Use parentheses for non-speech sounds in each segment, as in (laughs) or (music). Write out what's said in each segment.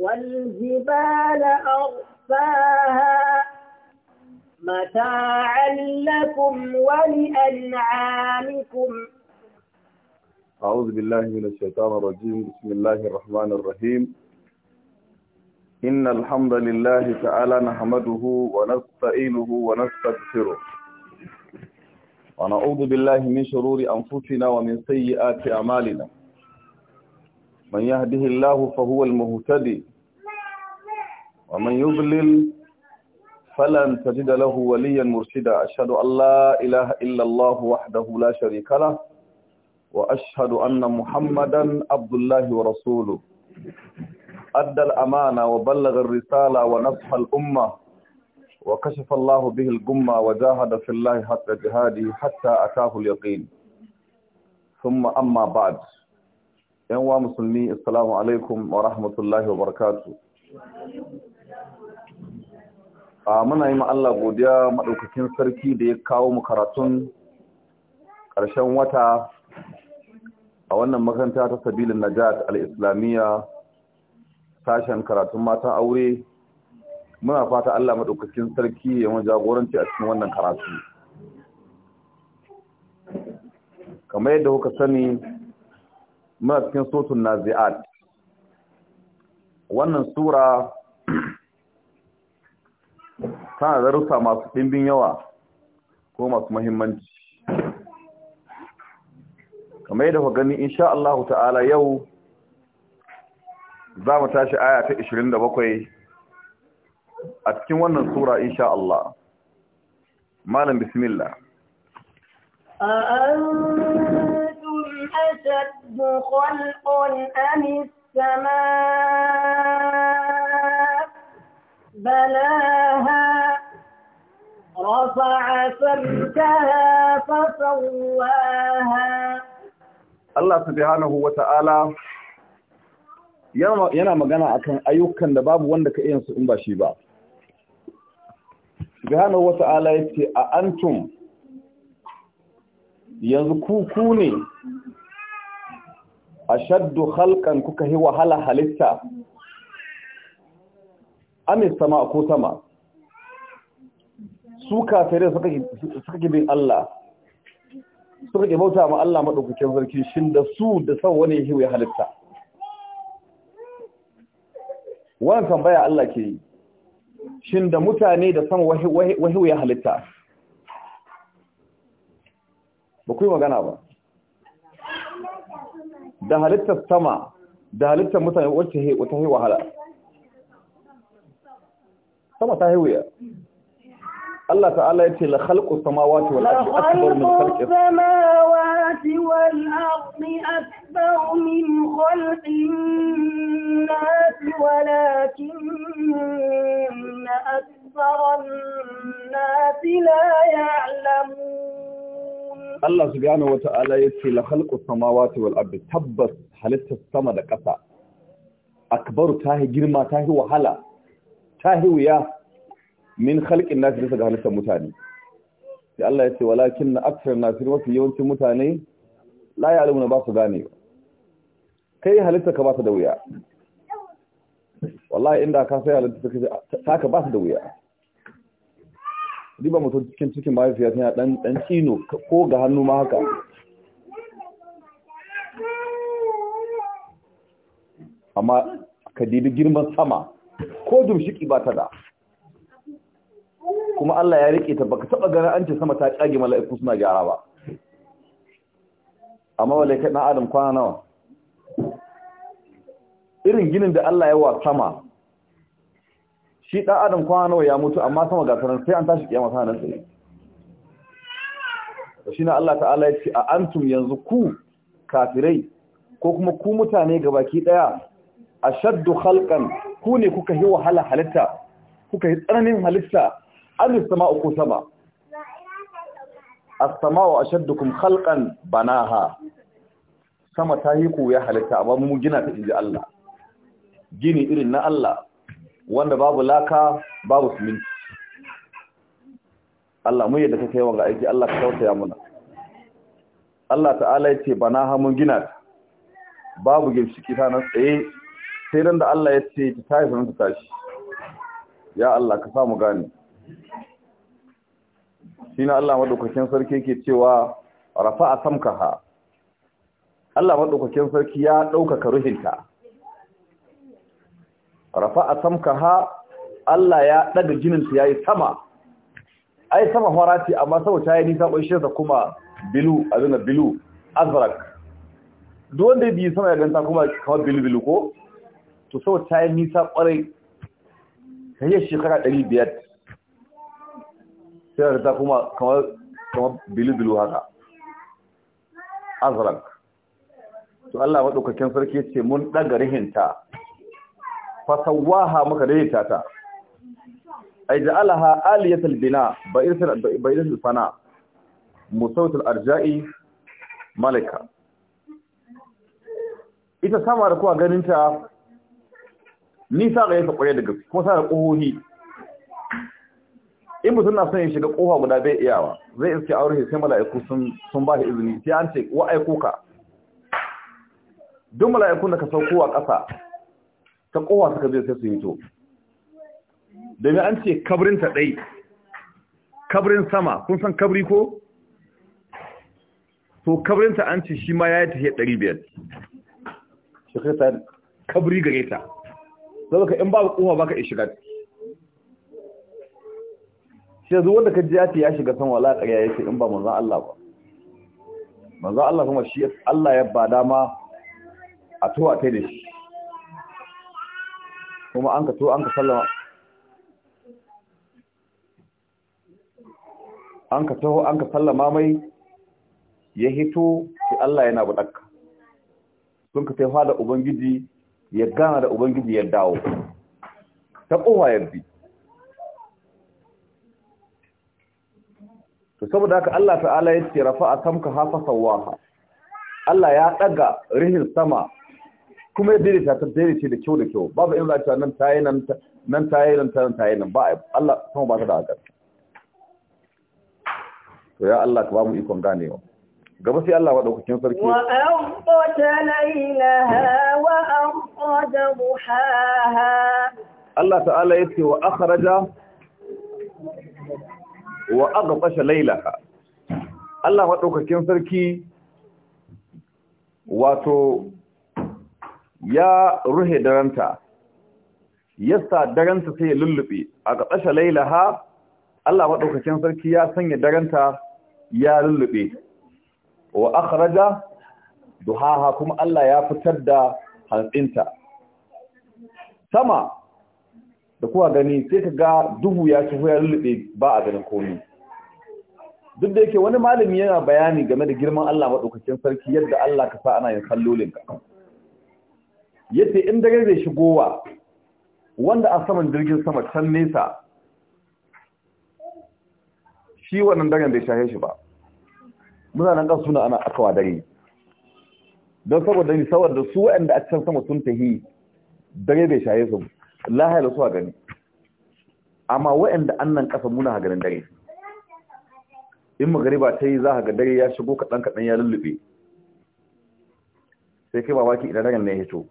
والجبال أرساها متاعا لكم ولأنعامكم أعوذ بالله من الشيطان الرجيم بسم الله الرحمن الرحيم إن الحمد لله تعالى نحمده ونستعينه ونستغفره ونعوذ بالله من شرور أنفسنا ومن سيئات أعمالنا من يهده الله فهو المهتدي ومن يضلل فلن تجد له وليا مرشدا أشهد أن لا إله إلا الله وحده لا شريك له وأشهد أن محمدا عبد الله ورسوله أدى الأمانة وبلغ الرسالة ونصح الأمة وكشف الله به الجمة وجاهد في الله حتى جهاده حتى أتاه اليقين ثم أما بعد yan wa musulmi assalamu alaikum wa rahmatullahi wa barakatu a muna yi ma'alla godiya maɗaukakin sarki da ya kawo mu karatun ƙarshen wata a wannan makaranta ta sabilin najat al-islamiyya sashen karatun matan aure muna fata Allah maɗaukakin sarki ya yi jagoranci a cikin wannan karatu kamar yadda kuka sani muna cikin sotun nazi'at wannan sura (clears throat) tana da rusa masu ɗimbin yawa ko masu mahimmanci kamar yadda ku gani insha Allah ta'ala yau za mu tashi aya ta 27 a cikin wannan sura insha Allah malam bismillah أشد خلق أم السماء بلاها رفع سمكها فسواها الله سبحانه وتعالى yana yana magana akan ayyukan da babu wanda ka iyansu in ba shi ba. gano wata ta'ala ya ce a antum yanzu ku ku ne ashaddu khalqan kuka hi wahala halitta amis sama ko sama su kafirai suka suka bin Allah suka ke bauta ma Allah madaukakin sarki shin da su da san wani hiwaye halitta wannan tambaya Allah ke yi shin da mutane da san wahiwaye halitta ba ku yi magana ba da halittar sama da halittar mutane wacce wata yi wahala sama ta haihuya Allah ta'ala ya ce la khalqu samawati wal ardi akbar min khalqi samawati wal ardi akbar min khalqin nasi walakin akbar an-nasi la ya'lamun Allah subhanahu wata'ala yace la khalqu samawati wal ardi tabbas halittar sama da ƙasa akbaru tahi girma tahi wahala tahi wuya min khalqin nas bisa ga halittar mutane sai Allah yace walakin akthar nas wasu yawancin mutane la ya'lamuna ba su gane kai halitta ka ba ta da wuya wallahi inda ka sai halitta ka ba ta da wuya riba mutum cikin cikin mahaifiya tana dan dan tsino ko ga hannu ma haka amma ka dibi girman sama ko dumshiki ba ta da kuma Allah ya rike ta baka taba ganin an ce sama ta kage mala'iku suna gyara ba amma wale kai na adam kwana nawa irin ginin da Allah ya wa sama shi ɗan adam kwana nawa ya mutu amma sama ga sanar sai an tashi kiyama sana nan tsaye shi na Allah ta'ala ya ce a antum yanzu ku kafirai ko kuma ku mutane ga baki ɗaya a shaddu halkan ku ne kuka yi wahala halitta kuka yi tsananin halitta an sama uku sama a shaddu ashaddukum khalqan banaha sama ta yi ku ya halitta amma mu gina ta inji Allah gini irin na Allah wanda babu laka babu siminti Allah mu yadda kake yawan ga aiki Allah ka ya muna Allah ta'ala ya ce bana hamun gina ta babu gimshiki ta nan tsaye sai dan da Allah ya ce ta tafi mun ta tashi ya Allah ka samu gane shine Allah madaukakin sarki yake cewa rafa'a samkaha Allah madaukakin sarki ya ɗaukaka ruhinta Rafa samka samkaha Allah ya ɗaga jinin ta yi sama ai sama farati amma saboda ta yi nisa ƙunshi da kuma bilu abin da bilu azrak duk wanda biyu sama ya ganta kuma kawai bilu bilu ko to saboda ta yi nisa ƙwarai ta yi shekara 500 sai da ta kuma kawai bilu bilu haka azrak to Allah maɗaukakin sarki ce mun ɗaga rihinta fasawaha muka daidaita ta ay ja'alaha aliyatal bina baydatul fana musawtul arja'i malika ita sama da kuwa ganin ta nisa ga yasa kwaye daga kuma sa da kohohi in mutum na son ya shiga kofa guda bai iyawa zai iske aure sai mala'iku sun sun ba shi izini sai an ce wa aiko ka duk mala'ikun da ka sauko a ƙasa ta kowa suka zai sai su to domin an ce ta ɗai kabrin sama kun san kabri ko? to ta an ce shi ma ya yi tafiye 500 biyar. kai ta kabri gare ta zaba ka in babu kowa baka ishirar shi yanzu wanda ka jiya ya shiga san wala ƙarya ya ce in ba manzan Allah ba manzan Allah kuma shi Allah ya ba dama a tuwa ta da shi kuma an ka to an ka sallama an ka taho an ka sallama mai ya hito sai Allah yana budakka sun ka taifa da ubangiji ya gana da ubangiji ya dawo ta kowa ya bi to saboda haka Allah ta'ala ya ce rafa'a samka hafa sawaha Allah ya daga rihin sama kuma ya daidaita ta daidaice da kyau da kyau babu in za ta nan ta yi nan ta yi nan ta nan ta yi nan ba Allah kuma ba ka da haka to ya Allah ka ba mu ikon ganewa gaba sai Allah madaukakin sarki wa awqata laylaha wa awqada buhaha Allah ta'ala ya yace wa akhraja wa aghtasha laylaha Allah madaukakin sarki wato ya ruhe daranta yasta daranta sai ya lullube a ƙasashe lailaha Allah maɗaukacin sarki ya sanya daranta ya lullube wa akhraja duhaha kuma Allah ya fitar da hantsinta sama da kuwa gani sai ka ga duhu ya ci ya lullube ba a ganin komai duk da yake wani malami yana bayani game da girman Allah maɗaukacin sarki yadda Allah ka sa ana yin kallolinka yace in dare zai shigowa wanda a saman jirgin sama can nesa shi wannan daren bai shahe shi ba muna nan kan suna ana akawa dare don saboda ni saboda su waɗanda a can sama sun tahi dare bai shahe su lahayar su a gani amma waɗanda annan ƙasa muna ganin dare in magariba ta yi za ga dare ya shigo kaɗan-kaɗan ya lullube sai kai babaki idan daren ne ya hito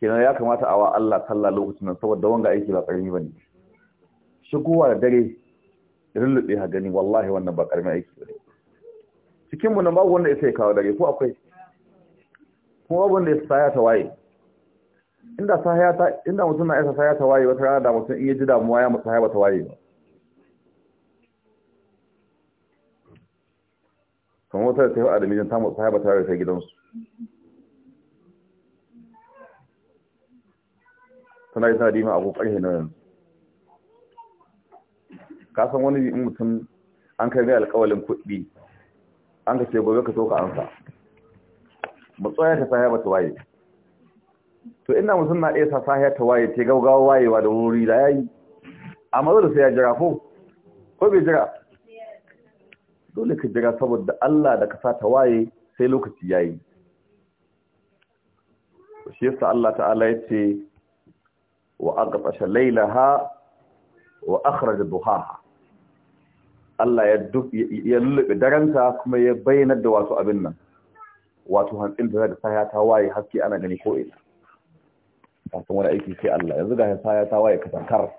kenan ya kamata a wa Allah sallah lokacin nan saboda wanga aiki ba karimi bane shigowa da dare rullube ha gani wallahi wannan ba karimi aiki bane cikin mu nan babu wanda ya kawo dare ko akwai kuma babu wanda ya saya ta waye inda sahaya ta inda mutum na isa sahaya ta waye wata rana da mutum in ya ji damuwa ya mutu ba ta waye ba kuma wata da ta yi wa adamijin ta mutu ba ta waye ta gidansu suna yi sanadi ma abu na yanzu ka san wani yi mutum an kai mai alƙawalin kuɗi an ka ce gobe ka so ka ansa ba tsoya ta sahiya ba ta waye to ina mutum na ɗaya sa sahiya ta waye ce gaugawa wayewa da wuri da ya yi a mazu da sai ya jira ko ko bai jira dole ka jira saboda Allah da ka sa ta waye sai lokaci ya yi shi yasa Allah ta'ala ya ce وأغطش ليلها وأخرج ضحاها Allah ya lullube daransa kuma ya bayyanar da wato abin nan wato hantsin da daga saya ta waye haske ana gani ko ina kafin wani aiki sai Allah yanzu ga saya ta waye kasankar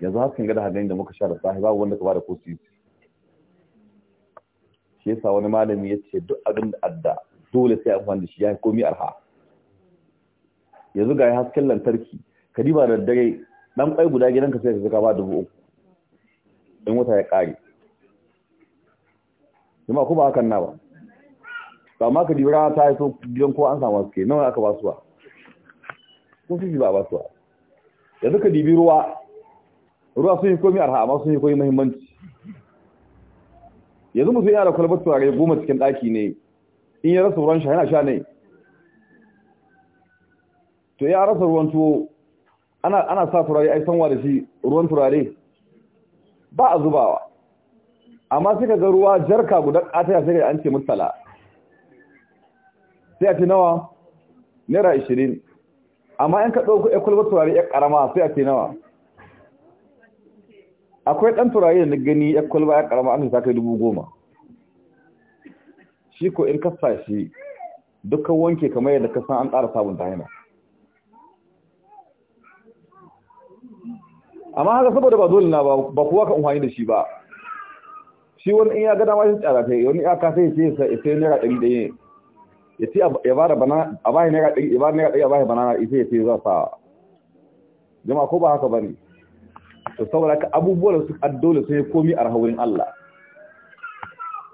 yanzu haske hasken da haganin da muka sha da sahi babu wanda ka bada ko su shi yasa wani malami ya ce duk abin da adda dole sai amfani da shi ya komi arha yanzu ga hasken lantarki ka diba da dare dan kwai guda gidanka sai ka zaka ba dubu uku in wata ya kare kuma ko ba hakan na ba ba ma ka dibi rana ta haiso gidan kowa an samu suke nawa aka ba suwa ba fi ba ba suwa yanzu ka dibi ruwa ruwa sun yi komi arha amma sun yi komi muhimmanci yanzu mutum yana da kwalbar turare goma cikin ɗaki ne in ya rasa ruwan sha yana sha ne to ya rasa ruwan tuwo ana ana sa turare ai sanwa da shi ruwan turare ba a zubawa amma sai kaga ruwa jarka guda kataya sai an ce mutala sai a ce nawa naira 20 amma in ka dauko ya kulba turare ya karama sai a ce nawa akwai dan turare da gani ya kulba ya karama an sa kai 10,000 shi ko in kasa shi dukkan wanke kamar yadda ka san an ƙara sabunta yana amma haka saboda ba dole na ba kowa ka amfani da shi ba shi wani in ya gada ma shi tsara ta yi wani ya kasa ya ce sai sai naira ɗari ɗaya ya ce ya bada bana, a bayan naira ɗari ya ba naira ɗari a bayan banana ita ya ce za sa jama ko ba haka ba ne to saboda ka abubuwan su dole sun yi komi a rahawurin Allah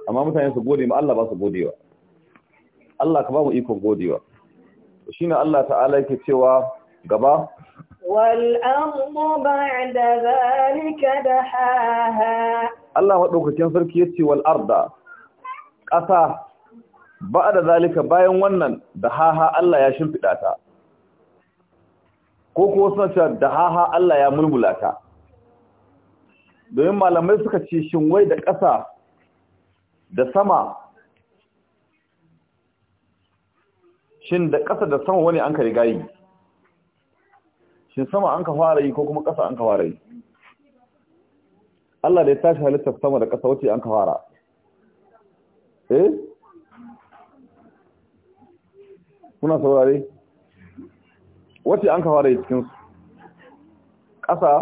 amma mutane su gode ma Allah ba su godewa Allah ka ba mu ikon godewa shi Allah ta'ala yake cewa gaba Allah maɗaukakin sarki ya ce wal’arda, ƙasa ba da zalika bayan wannan da haha Allah ya shimfiɗa fiɗata, ko kuwa suna cewa da haha Allah ya mulmula Domin malamai suka ce shinwai da ƙasa da sama, shin da ƙasa da sama wani an kari gayi. shin sama an ka fara yi ko kuma ƙasa an ka fara yi Allah da ya tashi halitta sama da ƙasa wace an ka fara eh kuna saurare wace an ka fara yi cikin su ƙasa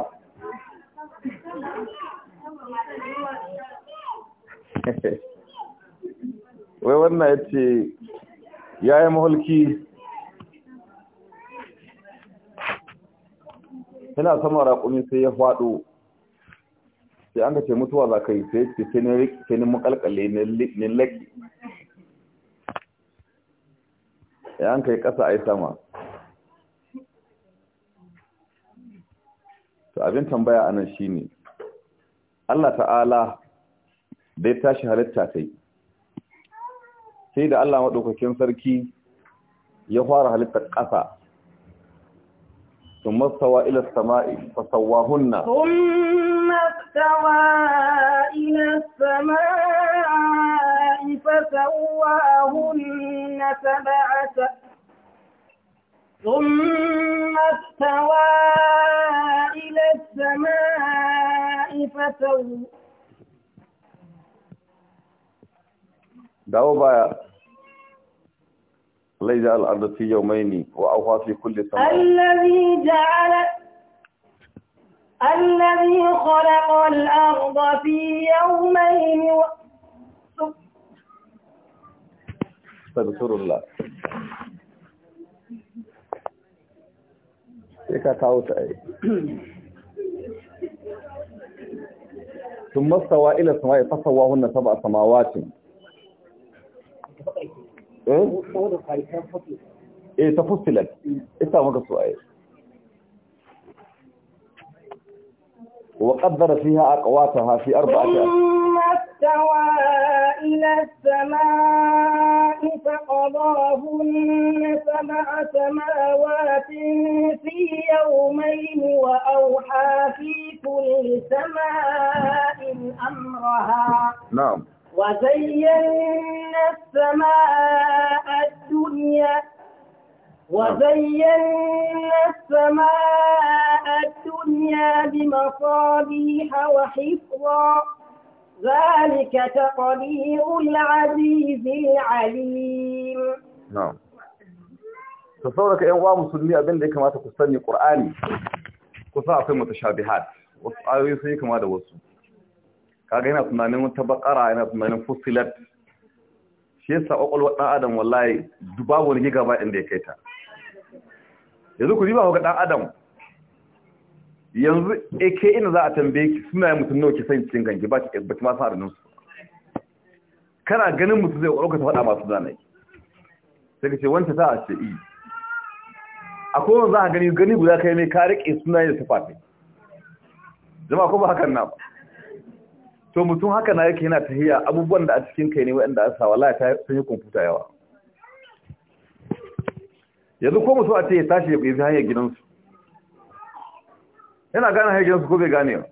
(laughs) wai wannan ya ce ya yi mahulki yana sama raƙumi sai ya faɗo sai an ka ce mutuwa za ka yi sai ce sai ni makalkale ni laki ya an kai ƙasa a yi sama su abin tambaya a nan shi ne Allah ta'ala dai tashi halitta ta yi sai da Allah maɗaukakin sarki ya fara halittar ƙasa ثم استوى إلى السماء فسواهن ثم استوى إلى السماء فسواهن سبع ثم استوى إلى السماء فسواهن دعوا بقى الذي جعل الأرض في يومين وأوفى في كل سنة الذي جعل الذي خلق الأرض في يومين و... استغفر الله ثم استوى إلى السماء فسواهن سبع سماوات. إيه؟ eh ta isa maka وقدر فيها أقواتها في أربعة ثم استوى إلى السماء فقضاهن سبع سماوات في يومين وأوحى في كل سماء أمرها نعم وزينا السماء الدنيا وزينا السماء الدنيا بمصابيح وحفظا ذلك تقدير العزيز العليم نعم تصورك ايه واو مسلمي ابن ده كما تكستني قراني كصا في متشابهات وايه سي كما ده kaga yana tunanin wata bakara yana tunanin fusilat shi yasa kwakwalwa ɗan adam wallahi babu wani giga ba inda ya kai ta yanzu ku riba ga ɗan adam yanzu ake ina za a tambaye ki suna yi mutum nawa ke san cikin gangi ba ki ma san adadin su kana ganin mutum zai kwakwalwa ta faɗa masu zanai sai ka ce wancan ta a ce i a kowane za a gani gani guda kai ne ka riƙe suna yin sufafi jama'a ko ba hakan na ba to mutum haka na yake yana tahiya abubuwan da a cikin kai ne waɗanda asa wallahi ta sun yi kwamfuta yawa yanzu ko mutum a ce ya tashi ya zai hanyar gidansu yana gane hanyar gidansu ko bai gane ba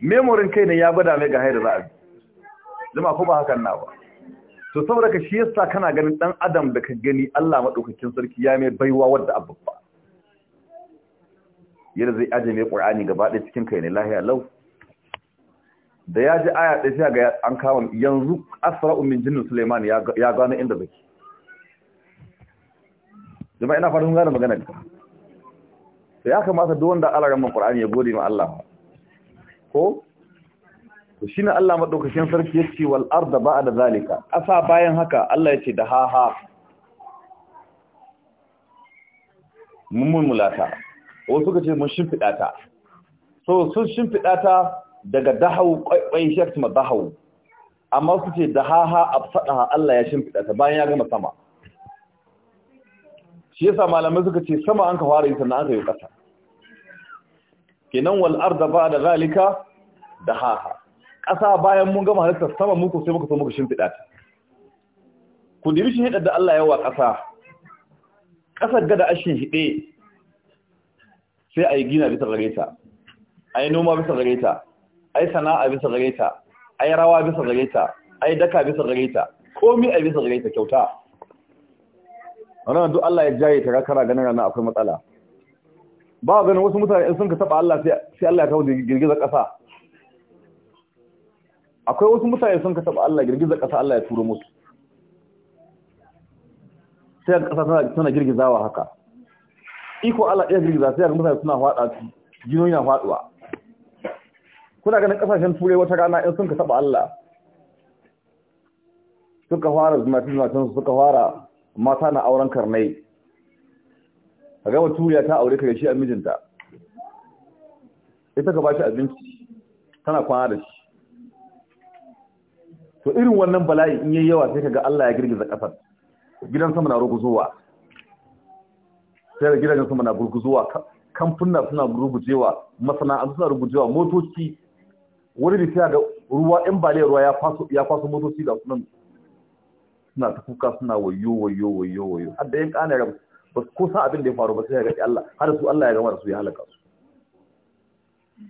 memorin kai ne ya bada mai ga hanyar da za a bi zama ko ba hakan na ba to saboda ka shi yasa kana ganin dan adam da ka gani Allah madaukakin sarki ya mai baiwa wadda abubba yadda zai aje mai qur'ani gaba ɗaya cikin kai ne lahiya lau da ya ji aya ɗaya sai ga an kama yanzu asra'u min jinnin Suleiman ya gano inda zaki jama'a ina sun gane magana ka Da ya kamata duk wanda Allah ramman Qur'ani ya gode ma Allah ko to ne Allah madaukakin sarki ya yace wal arda da zalika asa bayan haka Allah ya ce da ha ha mun mulata wasu ce mun shimfiɗa ta so sun shimfiɗa ta daga dahau kwaikwayi shi dahau amma su ce da haha dahaha a Allah ya shimfida ta bayan ya gama sama shi yasa malamai suka ce sama an ka fara yi sannan aka yi ƙasa. kenan wal arda ba da zalika haha ƙasa bayan mun gama halitta sama muku sai muka so muka shimfida ta ku diri shi da Allah yawa Ƙasa kasar gada ashin hiɗe, sai a yi gina bisa gare ta a yi noma bisa gare ta ai sana'a bisa gare ta ai rawa bisa gare ta ai daka bisa gare ta komai a bisa gare ta kyauta wannan duk Allah ya jaye ta kara ganin rana akwai matsala ba ganin wasu mutane in sun ka taba Allah sai Allah ya kawo girgiza kasa akwai wasu mutane sun ka taba Allah girgiza kasa Allah ya turo musu sai kasa tana girgizawa haka iko Allah ya girgiza sai ga mutane suna faɗa jinoyi na faɗuwa kuna ganin kasashen turai wata rana in sun ka taba Allah suka fara zumacin suka fara mata na auren karnai a gama turiya ta aure ka shi a mijinta ita ka ba shi abinci tana kwana da shi to irin wannan bala'i in yayi yawa sai ka ga Allah ya girgiza kasar gidan sama na ruguzuwa sai da gidajen sama na burguzuwa kamfuna suna rugujewa masana'antu suna rugujewa motoci wani da da ruwa in ba ruwa ya kwaso motoci da sunan suna ta kuka suna wayo wayo wayo wayo har da yan kana ya ba ko sa abin da ya faru ba sai ya gaji Allah har su Allah ya gama da su ya halaka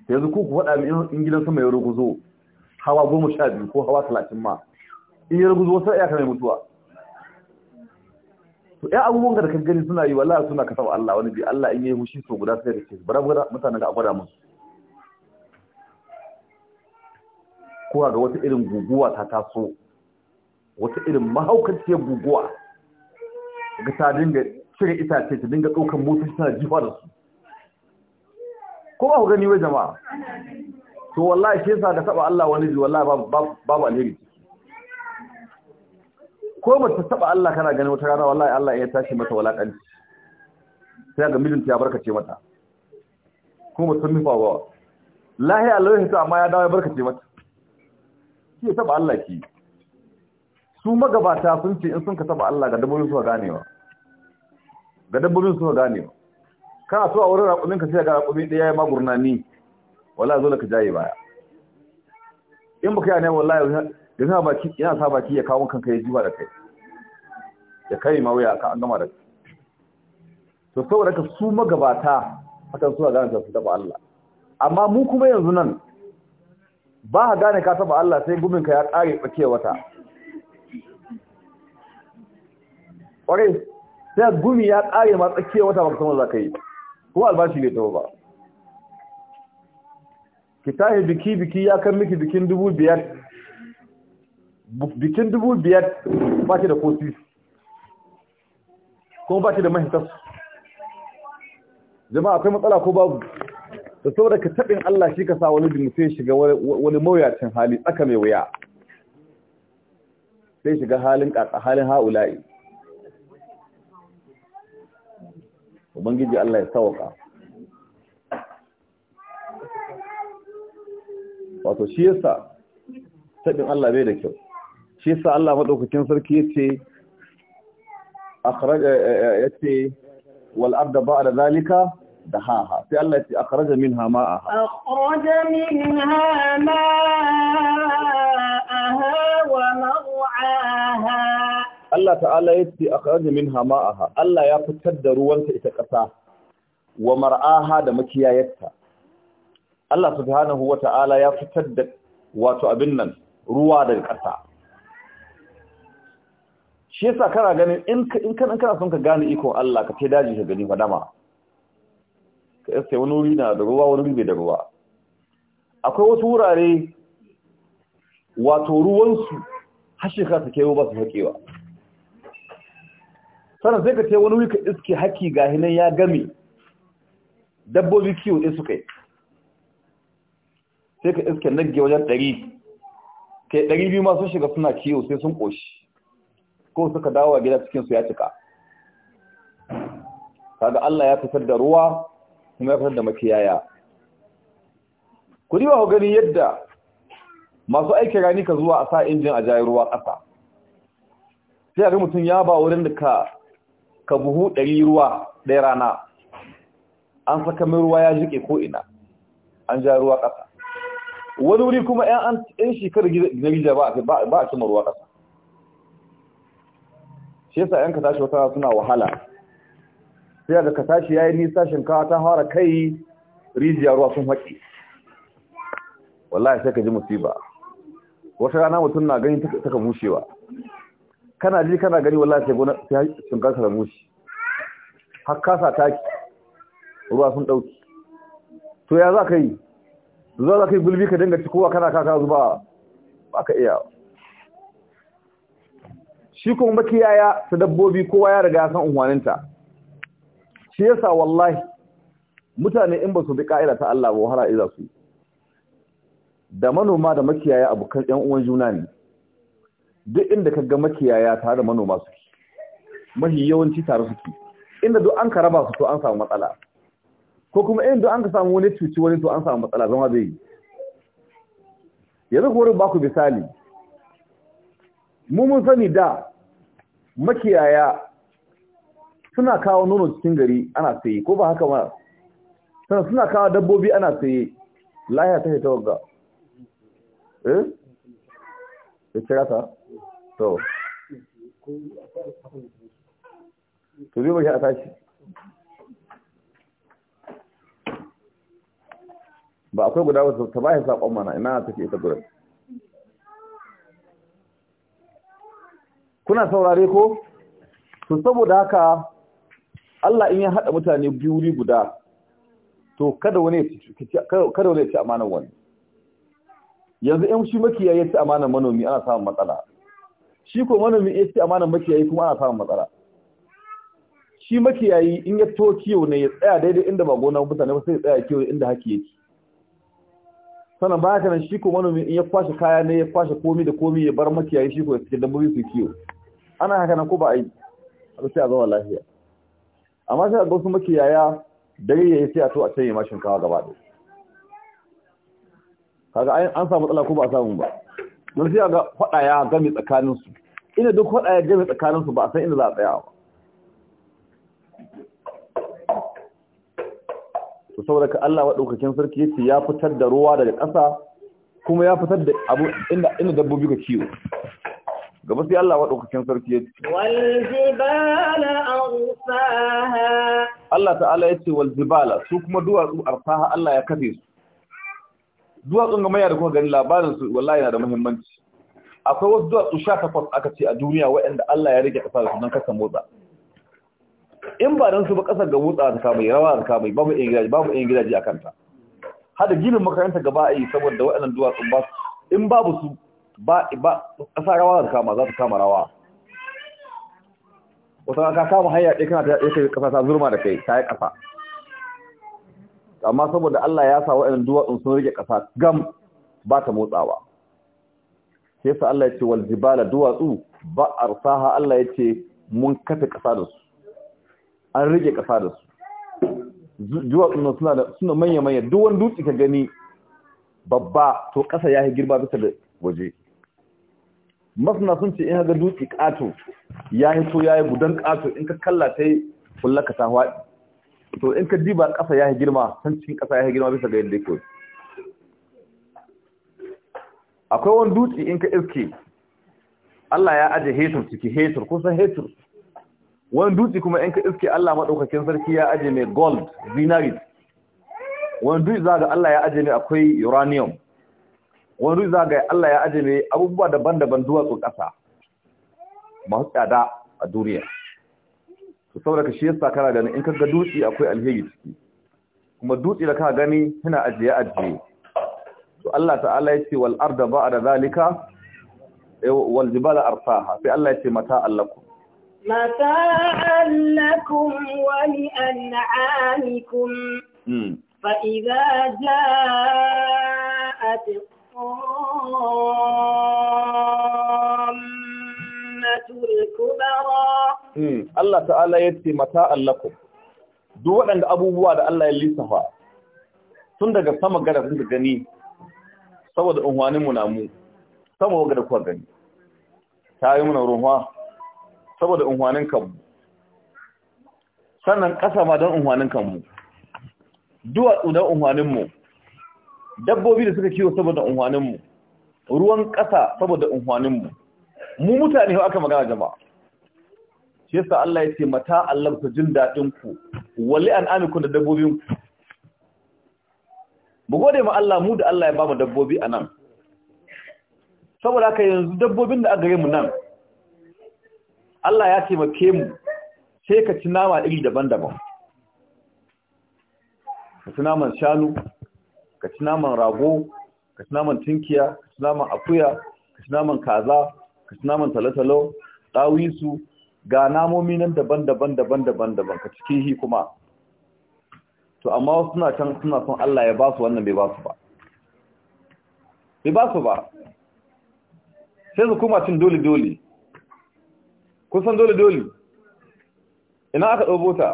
su yanzu ku ku faɗa min in gidan sama ya ruguzo hawa goma sha biyu ko hawa talatin ma in ya ruguzo sai ya kame mutuwa to ya abubuwan da ka gani suna yi wallahi suna kasar Allah wani bi Allah in yi hushi so guda sai da ke bara mutanen da a gwada musu kowa ga wata irin guguwa ta taso wata irin mahaukaciyar guguwa ga ta dinga cire itace ta dinga ɗaukar motoci tana jifa da su ko ba ku gani wai jama'a to wallahi shi yasa da taba Allah wani ji wallahi babu alheri ko ba ta taba Allah kana gani wata rana wallahi Allah ya tashi mata walakanci sai ga mijinta ya barkace mata kuma ba san mifa ba lahi Allah ya ta amma ya dawo ya barkace mata shi ya taba Allah ke su magabata sun ce in sun ka taba Allah ga dabbobin su ganewa ga dabbobin su ganewa kana so a wurin raƙumin ka sai ga raƙumi ɗaya ya magurna ni wala zo ka jaye baya in baka yana wallahi yana baki yana sa baki ya kawo kanka ya jiwa da kai ya kai ma waya ka an gama da to saboda ka su magabata hakan su gane su taba Allah amma mu kuma yanzu nan ba ka gane ka saba Allah sai guminka ya ƙare tsakiyar wata ƙwarai sai gumi ya ƙare ma tsakiyar wata baka sama za ka yi kuma albashi ne ta ba ki tahi biki biki ya kan miki bikin dubu biyar bikin dubu biyar ba ki da kosi kuma ba ki da mahitarsu jama'a akwai matsala ko babu da saboda ka taɓin Allah shi ka sa wani sai shiga wani mawuyacin hali tsaka mai wuya sai shiga halin ƙaƙa halin ha'ula'i ubangiji Allah ya sauka wato shi yasa taɓin Allah bai da kyau shi yasa Allah maɗaukakin sarki ya ce ya ce wal'ar da ba da zalika da haha sai Allah ya ce akhraja minha ma'aha akhraja minha ma'aha wa mar'aha Allah ta'ala ya ce akhraja minha ma'aha Allah ya fitar da ruwanta ita kasa wa mar'aha da makiyayarta Allah subhanahu wa ta'ala ya fitar da wato abin nan ruwa da kasa shi yasa kana ganin in kana son ka gane iko. Allah ka ce daji ka gani fa dama ka sai wani wuri na da ruwa wani bai da ruwa akwai wasu wurare wato ruwansu hashe ka take ruwa ba su haƙewa sannan sai ka ce wani wuri ka iske haki ga hinan ya game dabbobi kiwo ɗin su kai sai ka iske nage wajen ɗari kai ɗari biyu masu shiga suna kiwo sai sun ƙoshi ko suka dawo gida cikinsu ya cika kaga Allah ya fitar da ruwa kuma ya fitar da makiyaya ku wa ku gani yadda masu aiki rani ka zuwa a sa injin a jayi ruwa ƙasa sai ga mutum ya ba wurin da ka ka buhu ɗari ruwa ɗaya rana an saka mai ruwa ya jike ko'ina an ja ruwa ƙasa wani wuri kuma ‘yan shekarar gina ba a cimma ruwa ƙasa shi yasa ‘yan ka tashi wata suna wahala sai ga ka tashi yayi nisa shinkawa ta fara kai rijiya ruwa sun haƙi wallahi sai ka ji musiba wata rana mutum na gani ta ka mushewa kana ji kana gani wallahi sai gona sai shinkafa da mushi har kasa taki ruwa sun dauki to ya za ka yi za za ka yi gulbi ka dinga cikowa kana kaka zuba ba ka iya shi kuma makiyaya ta dabbobi kowa ya riga san unwaninta shi yasa wallahi mutane in ba su bi ka'ida ta Allah ba wahala iza su da manoma da makiyaya abokan ƴan uwan juna ne duk inda ka ga makiyaya tare da manoma su mahi yawanci tare suke inda duk an karaba su to an samu matsala ko kuma in duk an ka samu wani cuci wani to an samu matsala zama zai yi yanzu kuma ba ku misali mu mun sani da makiyaya suna kawo nono cikin gari ana saye ko ba haka ba sannan suna kawo dabbobi ana saye lahiya ta ta wagga eh ya kira ta to to zai bashi a tashi ba akwai guda wasu ta bayan saƙon mana ina ke ita gurin kuna saurare ko? su saboda haka Allah in ya haɗa mutane biyu wuri guda to kada wani ya ci amanar wani yanzu in shi makiyayi ya ci amanar manomi ana samun matsala shi ko manomi ya ci amanar makiyayi kuma ana samun matsala shi makiyayi in ya to kiyo ne ya tsaya daidai inda ba gona mutane ba sai ya tsaya kiyo inda haki yake sannan ba haka nan shi ko manomi in ya kwashe kaya ne ya kwashe komi da komi ya bar makiyayi shi ko ya cikin dabbobi su kiyo ana haka nan ko ba a yi a sai a zama lafiya amma sai ga wasu makiyaya dare ya yi sai a to a canye mashin shinkawa gaba ɗaya kaga an samu matsala ko ba a samu ba don sai ga faɗa ya game tsakaninsu ina duk faɗa ya game tsakaninsu ba a san inda za a tsaya ba to saboda ka Allah maɗaukakin sarki yace ya fitar da ruwa daga ƙasa kuma ya fitar da abu inda inda dabbobi ka ciwo. gaba sai Allah maɗaukakin sarki yace wal jibala Allah Ta'ala ya ce waljibala su kuma duwatsu arsaha Allah ya kafe su. duwatsun ga mayar kuma gani labarin su wallahi yana da muhimmanci akwai wasu duwatsu sha takwas aka ce a duniya waɗanda Allah ya rike kasa da sunan kasa motsa in ba don su ba kasar ga motsa ta kamai rawa ta kamai babu yan gidaje babu yan gidaje akan hada ginin makaranta gaba a yi saboda waɗannan duwatsun ba in babu su ba kasa rawa ta kama za ta kama rawa wata ka samu hanya ɗaya kana ta ɗaya kafa ta zurma da kai ta yi ƙasa amma saboda Allah ya sa wa'annan duwatsun sun rike ƙasa gam ba ta motsawa sai sa Allah ya ce wal jibala duwatsu ba arsaha Allah ya ce mun kafe ƙasa da su an rike ƙasa da su duwatsun suna da suna manya manya duk dutse ka gani babba to ƙasa ya yi girma bisa da waje masana sun ce in haga dutse ƙato ya hito ya yi gudan ƙato in ka kalla ta yi fullaka ta haɗi to in ka diba ƙasa ya yi girma san cikin ƙasa ya yi girma bisa ga yadda ya kori akwai wani dutse in ka iske Allah ya aje hetur ciki hetur san hetur wani dutse kuma in ka iske Allah maɗaukakin sarki ya aje mai gold zinari wani dutse za ga Allah ya aje mai akwai uranium wani zagaya Allah ya ajiye abubuwa daban-daban duwatsu ƙasa masu tsada a duniya su saboda ka shi yasa kana gani in ka ga dutse akwai alheri ciki kuma dutse da ka gani yana ajiye ajiye to Allah ta'ala ya ce wal arda ba'da zalika eh, wal jibala arsaha sai Allah ya ce mata allakum متاعا لكم ولأنعامكم فإذا جاءت Hmm. Allah ta'ala ya ce mata allakum duk waɗanda abubuwa da Allah ya lissafa tun daga sama gada sun ga gani saboda unhwanin munamu saboda gada kuwa gani ta yi muna ruhuwa, saboda unhwanin kanmu sannan ƙasa ma don unhwanin kanmu duwatsu don unhwaninmu dabbobi da suka kiwo saboda unhwaninmu ruwan ƙasa saboda unhwaninmu mu mutane aka magana jama'a shi yasa Allah ya ce mata Allah ku jin dadin ku wali an da dabbobin ku mu gode ma Allah mu da Allah ya bamu dabbobi a nan. saboda haka yanzu dabbobin da aka gare mu nan Allah ya ce make mu sai ka ci nama iri daban-daban ka ci naman shanu ka ci naman rago ka ci naman tinkiya ka ci naman akuya ka ci naman kaza ka ci naman talotalo dawisu, ga namomi nan daban-daban daban-daban daban ka ci hi kuma to amma wasu suna can suna son Allah ya ba su wannan bai ba su ba bai ba su ba sai su kuma cin dole-dole kusan dole-dole ina aka ɗaubo ta?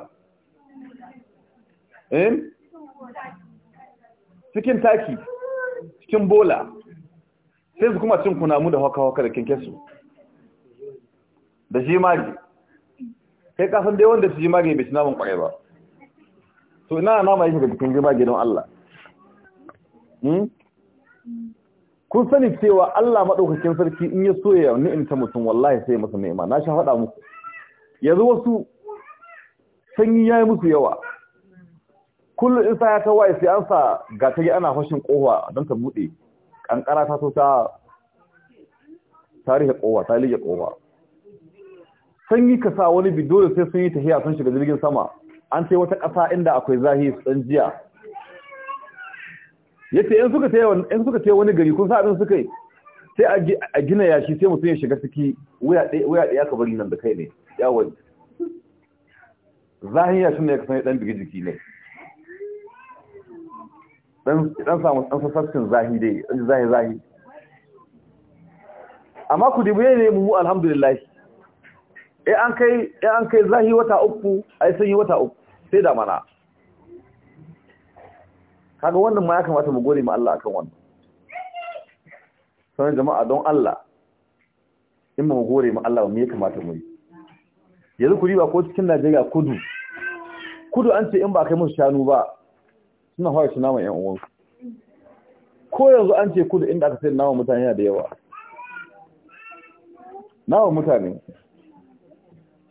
eh? cikin taki cikin bola sai su kuma cin kunamu da haka-haka da kinkesu da shi kai kasan dai wanda su jimage bai ci kwaye ba so ina nama yake da cikin jimage don Allah hmm? kun sani cewa Allah maɗaukakin sarki in ya so ya ni'imta mutum wallahi sai masa ni'ima na sha faɗa muku yanzu wasu sanyi ya yi musu yawa kullum in sa ya ta waye sai an sa ga ta ana fashin kowa don ta bude kankara ta so ta tarihi kowa ta lige kowa yi ka sa wani bi da sai sun yi tahiya sun shiga jirgin sama an sai wata kasa, inda akwai zahi san jiya yace in suka yawan in suka ta wani gari kun sa abin suka yi sai a gina yashi sai mutum ya shiga ciki wuya ɗaya wuya ɗaya ka bari nan da kai ne yawon zahin yashin ne ya kasance ɗan bigi jiki ne dan samu dan sassafin zahi dai zahi zahi amma ku dibi ne mu alhamdulillah eh an kai eh an kai zahi wata uku ai sai wata uku sai da mana kaga wannan ma ya kamata mu gode ma Allah akan wannan sai jama'a don Allah in mu gode ma Allah me ya kamata mu yi yanzu ku riba ko cikin Najeriya kudu kudu an ce in ba kai musu shanu ba suna fara shi naman 'yan uwansu ko yanzu an ce kudu inda aka sayar naman mutane yana da yawa naman mutane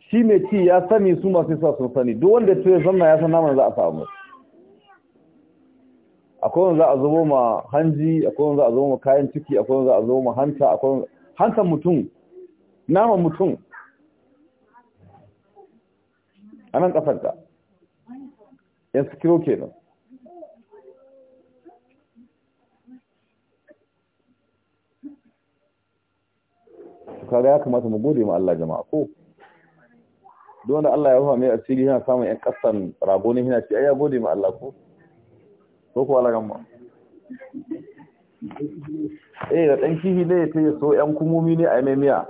shi mai ci ya sani su masu yasa sun sani duk wanda ce zanna ya san naman za a samu akwai wanda za a zubo ma hanji akwai wanda za a zubo ma kayan ciki akwai wanda za a zubo ma hanta akwai hantan mutum naman mutum a nan ƙasar ka yan sikiro kenan kaga ya kamata mu gode ma Allah jama'a ko duk wanda Allah ya rufa mai asiri yana samun ƴan kasan rago ne yana ci ai ya gode ma Allah ko ko ko Allah gamma eh da dan kihi ne ta ya so yan kumomi ne a miya.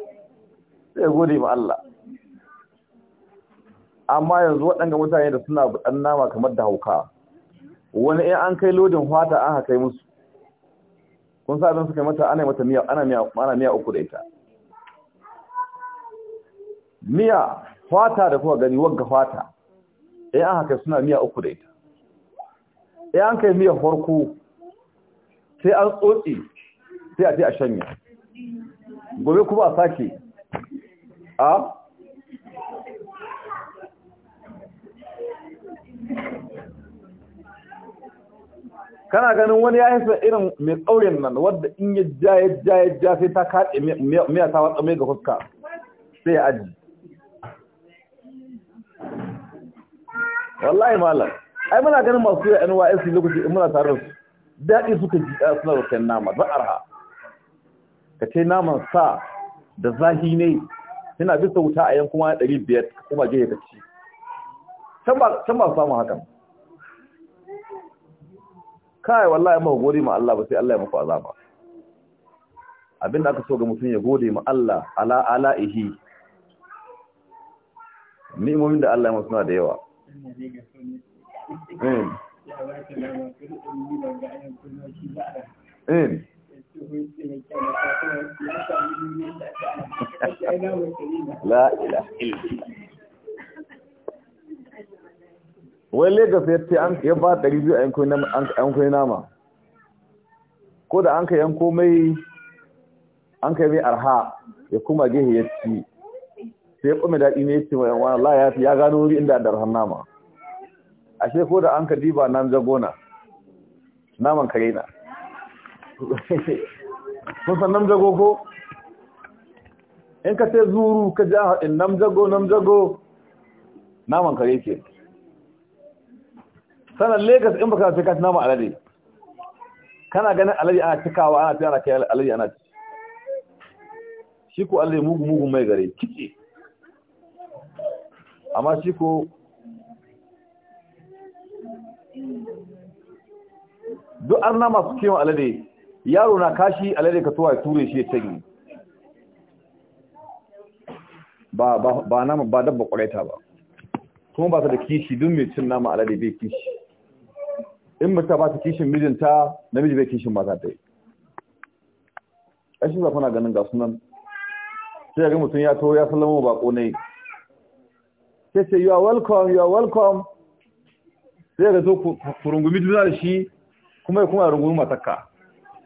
sai ya gode ma Allah amma yanzu waɗanda mutane da suna ɗan nama kamar da hauka wani eh an kai lodin fata an haka musu kun sa don suka mata ana mata miya ana miya ana miya uku da ita miya fata da kuma gani wagga fata in eh, an haka suna miya uku da ita in eh, an kai miya farko sai an tsotsi sai a ce a shanya gobe kuma a sake a kana ganin wani ya yi sa irin mai tsaurin nan wadda in ya ja ya ja ya ja sai ta kaɗe miya ta watsa mai ga fuska sai ya aji wallahi malam ai muna ganin masu yi NYSC lokaci in muna tare su daɗi suka ji ɗaya ah, suna roken nama za arha ka ce naman sa da zahi ne yana bisa wuta a yankuma ɗari biyar kuma jiya ka ci can ba samun hakan kai wallahi ma gode ma Allah ba sai Allah ya muku azaba abinda aka so ga mutum ya gode ma Allah ala ala'ihi ni'imomin da Allah ya masu na da yawa wai lagos ya ce ya ba biyu a yankun nama ko da an ka yanko mai an ka mai arha ya kuma gehe ya ci sai kuma daɗi ne yace mai wani Allah ya fi ya gano wuri inda da rahan nama ashe ko da an ka diba nan jagona naman kare na (laughs) kun san nan jago ko in ka sai zuru ka ji in nan jago nan jago naman kare ke sanan Legas in baka sai ka ci alade kana ganin alade ana cikawa ana ci ana kai alade ana ci shi ko alade mugu mugu mai gare amma shi ko duk an na masu kewa alade yaro na kashi alade ka tuwa ture shi ya tagi ba nama ba dabba kwaraita ba kuma ba ta da kishi duk mai cin nama alade bai kishi in mata ba ta kishin mijinta namiji bai kishin ba ta yi ƙashin ba na ganin ga sunan sai ga mutum ya to ya ba bako ne sai sai you are welcome you are welcome sai ga zo ku rungumi juna da shi kuma kuma rungumi matakka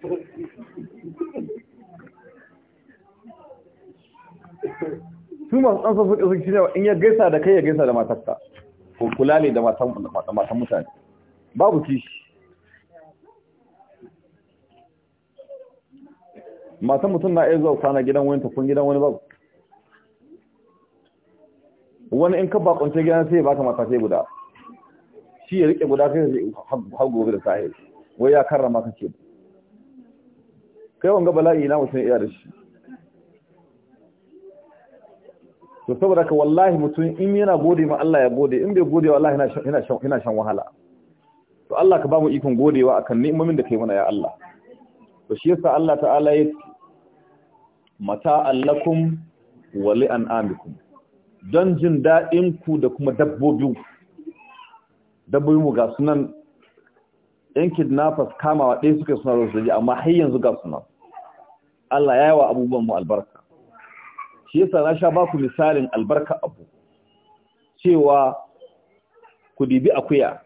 su masu tsansa suka suke cinewa in ya gaisa da kai ya gaisa da matakka ko kula ne da matan mutane babu kishi matan mutum na iya zuwa kwana gidan wani tafin gidan wani babu wani in ka bakunce gidan sai baka mata sai guda shi ya rike guda sai har gobe da sahi wai ya karrama ce kai wanga bala'i na mutum iya da shi to saboda ka wallahi mutum in yana gode ma Allah ya gode in bai gode wallahi yana shan wahala to Allah ka ba mu ikon godewa akan ni'imomin da kai mana ya Allah to shi yasa Allah ta'ala ya mata allakum wa li an'amikum don jin daɗinku da kuma dabbobi dabbobinmu ga sunan yan kidnappers kamawa ɗaya suka suna rosu da amma har yanzu ga sunan Allah ya yi wa abubuwanmu albarka shi yasa na sha baku misalin albarka abu cewa ku dibi akuya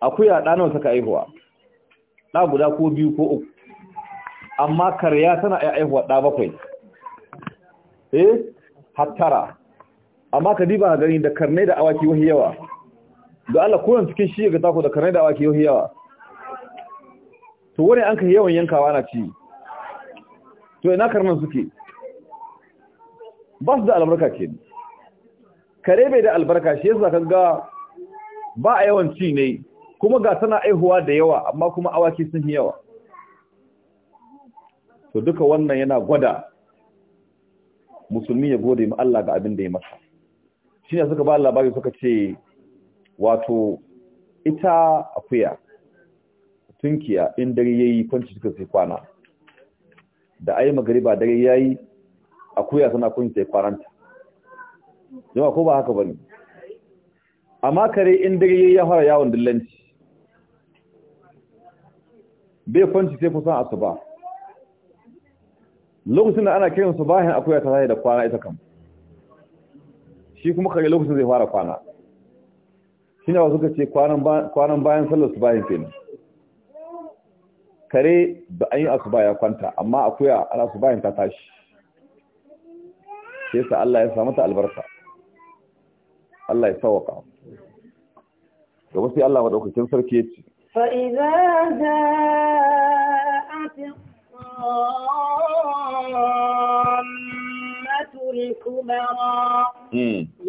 akuya wata ka aihuwa ɗa guda ko biyu ko uku amma karya tana aihuwa ɗa bakwai eh hattara amma ka diba gani da karnai da awaki wahi yawa da Allah koyon cikin shi ga tako da karnai da awaki wahi yawa to wani an ka yawan yankawa na ci to ina karnan suke ba su da albarka ke kare bai da albarka shi yasa kan ga ba a yawan ci ne kuma ga tana aihuwa da yawa amma kuma awaki sun yi yawa to duka wannan yana gwada musulmi ya gode ma Allah ga abin da ya masa shi ne suka ba labari suka ce wato ita akuya tunkiya in dare ya yi kwanci suka sai kwana da ayi ba dare ya yi akuya suna kwanci sai kwananta Yawa ko ba haka ba ne amma kare in dare ya yi ya fara yawon dillanci bai kwanci sai kusan asuba lokacin da ana kiran su bayan akuya ta da kwana ita kam shi kuma kare lokacin zai fara kwana shi ne suka ce kwanan bayan sallar su bayan kenan kare da an yi asuba ya kwanta amma akuya ana su bayan ta tashi sai sa Allah ya samu ta albarka Allah ya sawaka gaba sai Allah madaukakin sarki ya ce fa'iza ja'atin الطامة الكبرى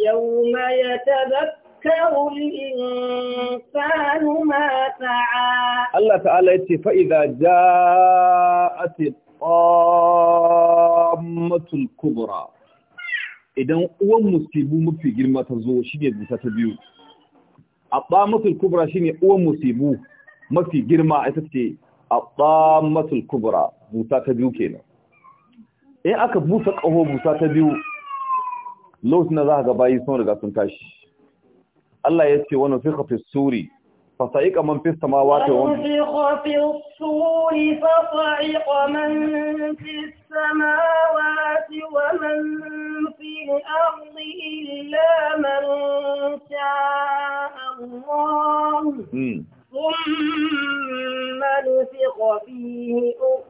يوم يتذكر الإنسان ما سعى الله تعالى يتي فإذا جاءت الطامة الكبرى idan uwan musibu mafi girma ta zo shi ne busa ta biyu a tsamatul kubra shi ne uwan musibu mafi girma a ita ce a tsamatul kubra busa ta biyu kenan in aka busa ƙaho busa ta biyu lokacin da za ka bayi sun riga sun tashi Allah ya ce wani fi hafi suri fa fasa'iƙa man fi samawa ta wani fi hafi suri fasa'iƙa man fi samawa ta man fi arzi illa man sha'awar ثم نفق فيه أخرى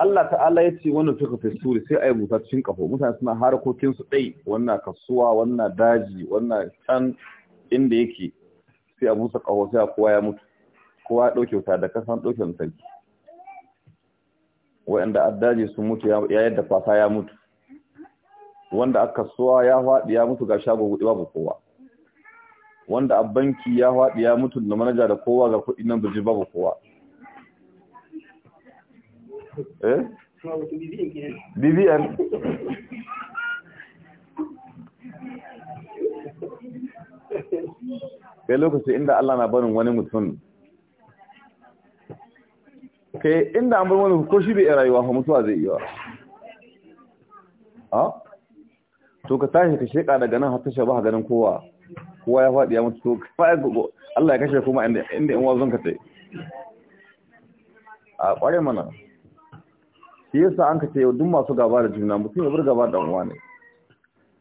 Allah ta'ala ya ce wannan fiƙa fesuri sai a yi busa cikin ƙafo mutane suna harkokinsu ɗai wannan kasuwa wannan daji wannan can inda yake sai a busa ƙafo sai a kowa ya mutu kowa ya ɗauke wuta da kasan ɗauke lantarki wa'anda addaji sun mutu ya yadda fasa ya mutu wanda a kasuwa ya faɗi ya mutu ga shago guɗi babu kowa wanda a banki ya faɗi ya mutu da manaja da kowa ga kuɗi nan birji babu kowa eh? bbn kai lokaci inda Allah na barin wani mutum kai inda an bar wani ko shi bai rayuwa ko mutuwa zai iya a ah? to ka tashi ka sheka daga nan har ta shaba ganin kowa kowa ya faɗi ya mutu to Allah ya kashe kuma inda in wazon ka tai a ƙware mana shi yasa an ka ce dun masu gaba da juna mutum ya bar gaba da uwa ne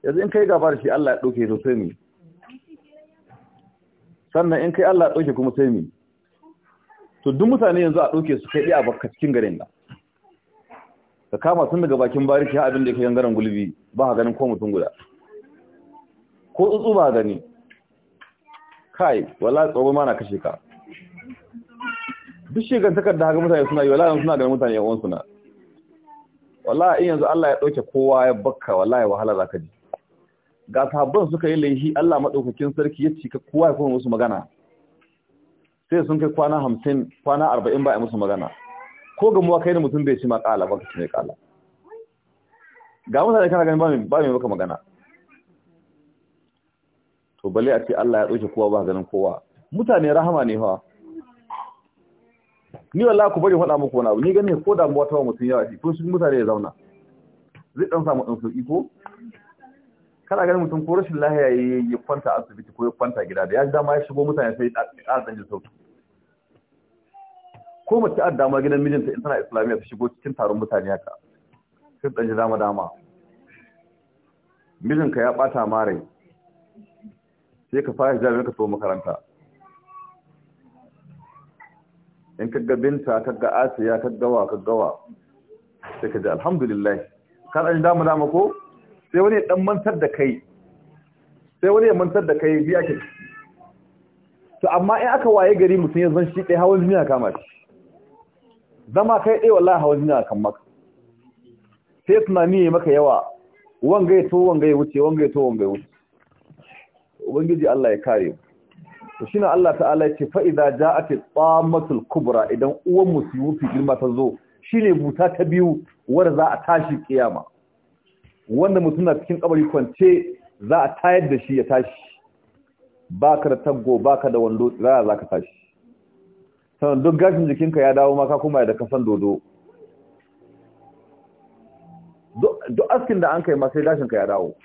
yanzu in kai gaba da shi Allah ya ɗauke to sai mi sannan in kai Allah ya ɗauke kuma sai mi to duk mutane yanzu a ɗauke su kai iya baka cikin garin da ka kama sun daga bakin bariki ha abin da ya kai gangaren gulbi ba ka ganin ko mutum guda ko tsutsu ba gani kai wala tsoro ma na kashe ka duk takar takarda haka mutane suna yi wallahi suna ganin mutane yawan suna wala in yanzu Allah ya ɗauke kowa ya bakka wallahi wahala zaka ji ga sabon suka yi laifi Allah madaukakin sarki ya cika kowa ya kuma musu magana sai sun kai kwana 50 kwana 40 ba a musu magana ko ga muwa kai da mutum bai ci ma kala ba ka ci mai kala ga mutane kana ganin ba mai ba mai maka magana to bale a ce Allah ya ɗauke kowa ba ganin kowa mutane rahama ne fa ni wallah ku bari faɗa muku wani abu ni gani ko damuwa ta mutum yawa shi kun shi mutane ya zauna zai ɗan samu ɗan sauki ko kana ganin mutum ko rashin lahiya ya yi kwanta asibiti ko ya kwanta gida da ya ji dama ya shigo mutane sai ya ɗan jin sauki ko mace a dama gidan mijinta in tana islamiyya ta shigo cikin taron mutane haka sai ɗan ji dama dama mijinka ya ɓata ma sai ka fara jami'in ka so makaranta in ka ga binta ka ga asiya ka gawa ka gawa sai ka ji alhamdulillah ka an dama dama ko sai wani ya ɗan mantar da kai sai wani ya mantar da kai biya ke to amma in aka waye gari mutum ya zan shi ɗaya hawan jini a kama shi zama kai dai wallahi hawan jini a kan maka sai tunani ya maka yawa wanga ya to wanga ya wuce wanga ya to wanga ya wuce ubangiji Allah ya kare to shine Allah ta'ala ya ce fa idza ja'at tamatul kubra idan uwan musibu fi girma ta zo shine buta ta biyu wanda za a tashi kiyama wanda mutum na cikin kabari kwance za a tayar da shi ya tashi baka da taggo baka da wando za zaka tashi sannan duk gashin jikinka ya dawo maka kuma da kasan dodo duk askin da an kai ma sai gashinka ya dawo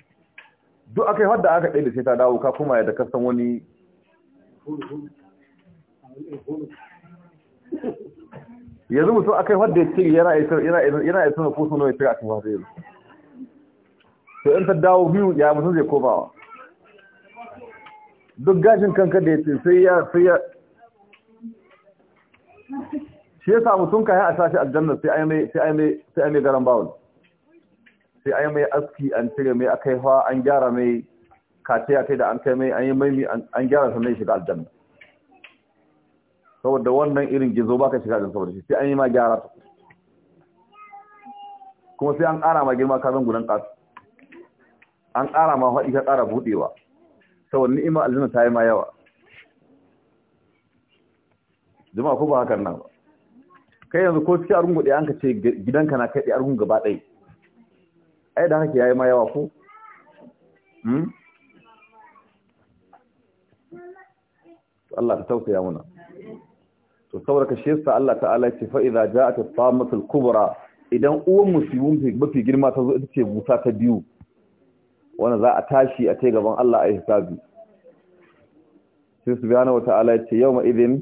duk aka yi wadda aka ɗaya sai ta dawo ka kuma yadda kasan wani yanzu mutum aka yi wadda ya ce yana yi suna kusa nawa ya ce a cikin wasu yanzu to in ta dawo biyu ya mutum zai komawa duk gashin kanka da ya ce sai ya sai ya shi ya samu sun kayan a sashi aljanna sai ainihin garan bawon sai an yi mai aski an cire mai aka yi an gyara mai a kai da an kai mai an yi mai an gyara sannan shiga aljanna saboda wannan irin gizo baka shiga aljanna saboda shi sai an yi ma gyara ta kuma sai an ƙara ma girma ka gudan kasu an ƙara ma faɗi ka ƙara buɗewa saboda ni'ima aljanna ta yi ma yawa jama'a ko ba hakan nan ba kai yanzu ko cikin argungu ɗaya an ka ce gidanka na kai ɗaya arungu gaba ɗaya ai da haka yayi ma yawa ko hmm Allah ta tausaya muna to saboda shi shesa Allah ta'ala ce fa idza ja'at at-tamatul kubra idan uwan musibun mafi girma ta zo ita ce busa ta biyu wanda za a tashi a ce gaban Allah a hisabi sai subhanahu wata'ala ya ce yawma idin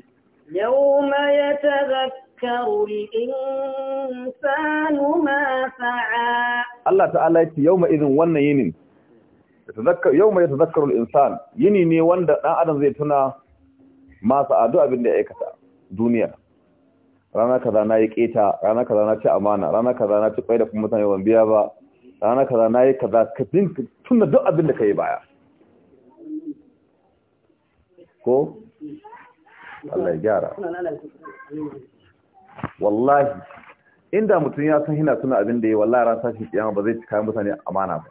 yawma yatadhakkaru al-insanu ma sa'a Allah ta'ala ya ce yauma idin wannan yinin yauma mai al-insan yini ne wanda dan adam zai tuna masa adu abin da ya aikata duniya rana kaza na yi keta rana kaza na ci amana rana kaza na ci kwai da kuma mutane ban biya ba rana kaza na yi kaza ka tuna duk abin da ka yi baya ko Allah ya gyara wallahi inda mutum ya san hina suna abin da ya wallahi ran sashi kiyama ba zai cika mutane amana ba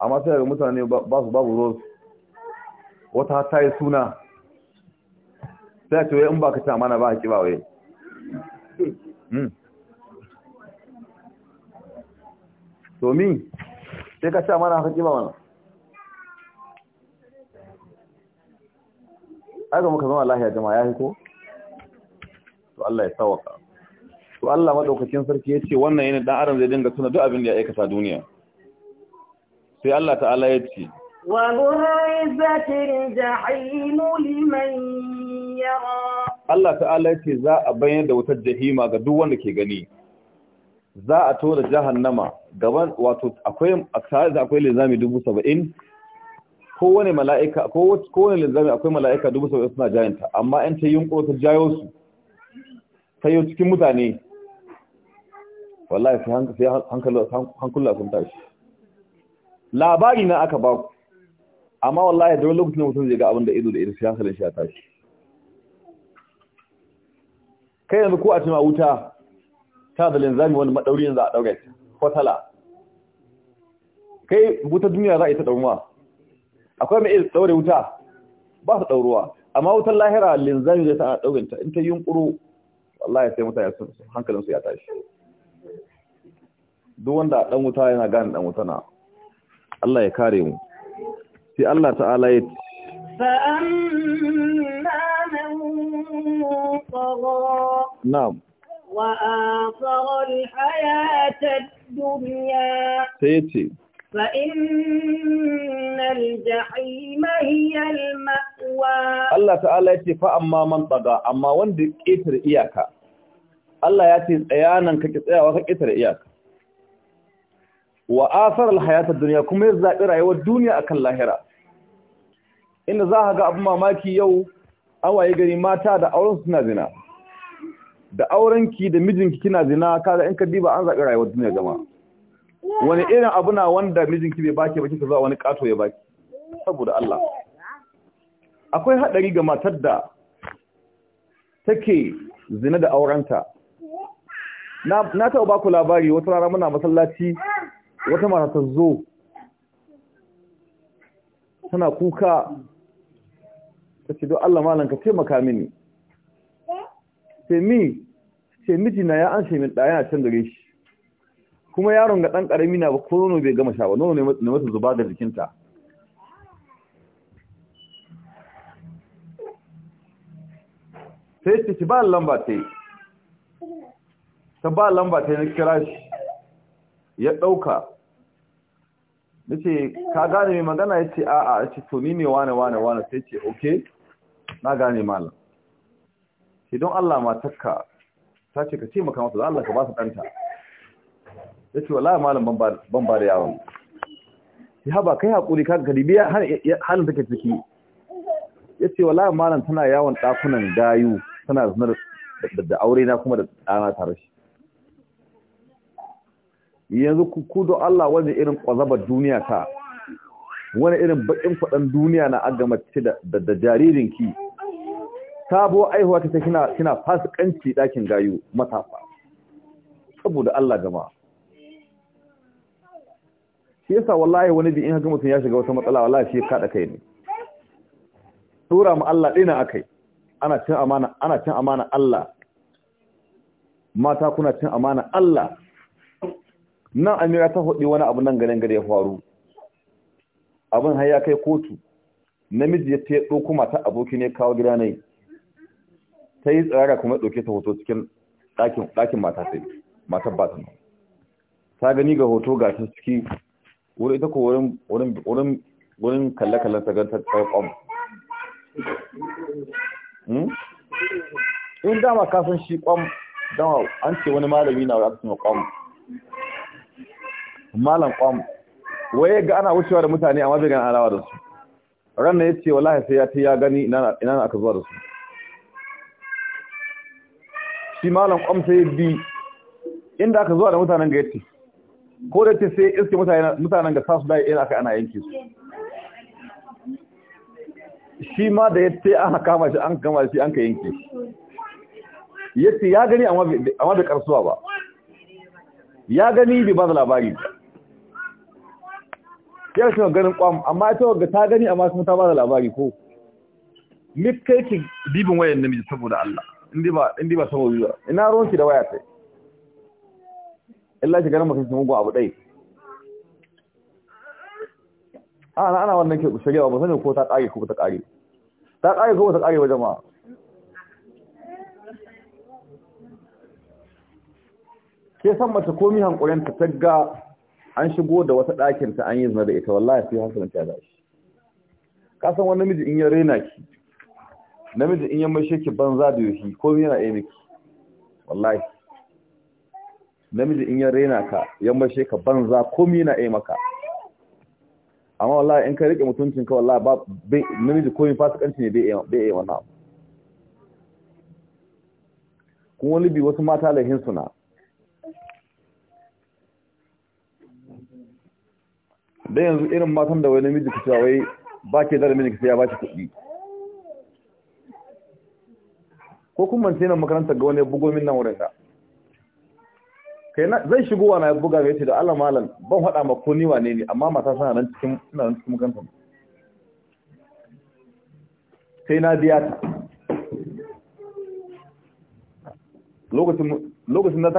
amma sai ga mutane ba su babu ruwan wata ta yi suna sai ce wai in ba ka ci amana ba haƙi ba wai domin hmm. sai ka ci amana haƙi ba mana aka muka zama lahiya jama'a ya hiko to Allah ya sauka. to Allah madaukakin sarki ya ce wannan yana dan adam zai dinga tuna duk abin da ya aikata duniya sai Allah ta'ala ya ce wa buhaizatil jahim liman yara Allah ta'ala ya ce za a bayyana da wutar jahima ga duk wanda ke gani za a tura jahannama gaban wato akwai akwai da akwai linzami 70 wani mala'ika kowane linzami akwai mala'ika 70 suna jayanta amma an ta yunko ta jayo su ta yau cikin mutane wallahi sai hankula sun tashi labari na aka ba ku amma wallahi da lokacin mutum zai ga abin da ido da ido sai hankalin shi ya tashi kai yanzu ko a cima wuta ta da linzami wani maɗauri yanzu a ɗaure ta kwatala kai wuta duniya za a yi ta ɗauruwa akwai mai iya ɗaure wuta ba su ɗauruwa amma wutar lahira linzami zai ta a ɗaure ta in ta yi wallahi sai mutane su ya tashi duk wanda dan wuta yana gane dan wuta na Allah ya kare mu sai Allah ta'ala ya fa amma man na'am wa athara al-hayata ad-dunya sai yace fa innal jahima hiya al-ma'wa Allah ta'ala yace fa amma man taga amma wanda ya ƙetare iyaka Allah ya ce tsayanan ka ki tsayawa ka ƙetare iyaka wa asar alhayatar duniya kuma ya zaɓi rayuwar duniya akan lahira inda za ga abun mamaki yau an waye gari mata da auren suna zina da aurenki da mijinki kina zina ga in ka diba an zaɓi rayuwar duniya gama. wani irin abu na wanda mijinki bai baki ba kika zuwa wani kato ya baki saboda Allah akwai hadari ga matar da take zina da aurenta na na taɓa baku labari wata rana muna masallaci wata mara ta zo tana kuka ta ce don Allah malam ka taimaka mini sai miji na ya an shemin ɗaya na can gare shi kuma yaron ga ɗan ƙarami na ba ko nono bai gama sha ba nono ne mata zuba da jikinta sai ce ba lamba ta yi ta ba lamba ta yi na kira shi ya ɗauka nace ce ka gane mai magana ya ce a'a a ce to ni ne wane wane wane sai ce okay na gane malam ce don Allah ma takka ta ce ka ce maka masa Allah ka ba su danta ya ce wala malam ban ba da yawon ya haba kai hakuri ka galibi halin take ciki yace wallahi mallam malam tana yawon dakunan dayu tana zunar da aure na kuma da dana tare shi yanzu ku don Allah wani irin kwazabar duniya ta wani irin baƙin faɗan duniya na agamace da jaririnki sabo aihuwa ta kina kina fasikanci ɗakin gayu matafa saboda Allah gama shi yasa wallahi wani bi in haka mutum ya shiga wata matsala wallahi shi kaɗa kai ne tura mu Allah ɗina akai ana cin amana ana cin amana Allah mata kuna cin amana Allah nan amira ta hudu wani abu nan ganin gare ya faru abin har ya kai kotu namiji ya ta ɗauko mata aboki ne kawo gida ne ta yi tsirara kuma ya ɗauke ta hoto cikin ɗakin mata sai matar ba ta ta gani ga hoto ga ta ciki wuri ita ko wurin kalle-kallen ta ganta ta ƙwam hmm? in dama kasan shi ƙwam dama an ce wani malami na wadatattun ƙwam malam kwam waye ga ana wucewa da mutane amma bai gani alawa da su ran ya ce wallahi sai ya ta ya gani ina ina aka zuwa da su shi malam kwam sai bi inda aka zuwa da mutanen ga yace ko da ce sai iske mutanen ga sasu da ina aka ana yanke su shi ma da yace aka kama shi an kama shi an ka yanke yace ya gani amma bai karsuwa ba ya gani bai ba da labari ya shi ganin kwam amma ita ga ta gani amma kuma ta ba da labari ko me kai dibin wayan namiji saboda Allah indi ba indi ba saboda zuwa ina ruwan ki da waya sai illa ki ganin mutum mugu abu dai ana ana wannan ke shirya ba sanin ko ta kage ko ta kage ta kage ko ta kage ba jama'a ke san mace komi hankulinta ta tagga. an shigo da wata ɗakin ta an yi zina da ita wallahi sai hankalin ta shi. ka san wani namiji in ya rena ki namiji in ya mai ki banza da yohi ko yana ɗaya miki wallahi namiji in ya rena ka ya maishe ka banza ko yana ɗaya maka amma wallahi in ka rike mutuncin ka wallahi ba namiji ko yin fasikanci ne bai bai wani abu kuma wani bi wasu mata lahin suna da yanzu irin matan da wani miji kusa wai ba ke zara miji kusa ya ba shi kuɗi ko kuma sai nan makaranta ga wani bugo min nan wurin kai na zai shigo wa na buga mai ce da Allah malam ban faɗa ma ko ni wane ne amma mata suna nan cikin suna nan cikin makaranta sai na biya ta lokacin lokacin na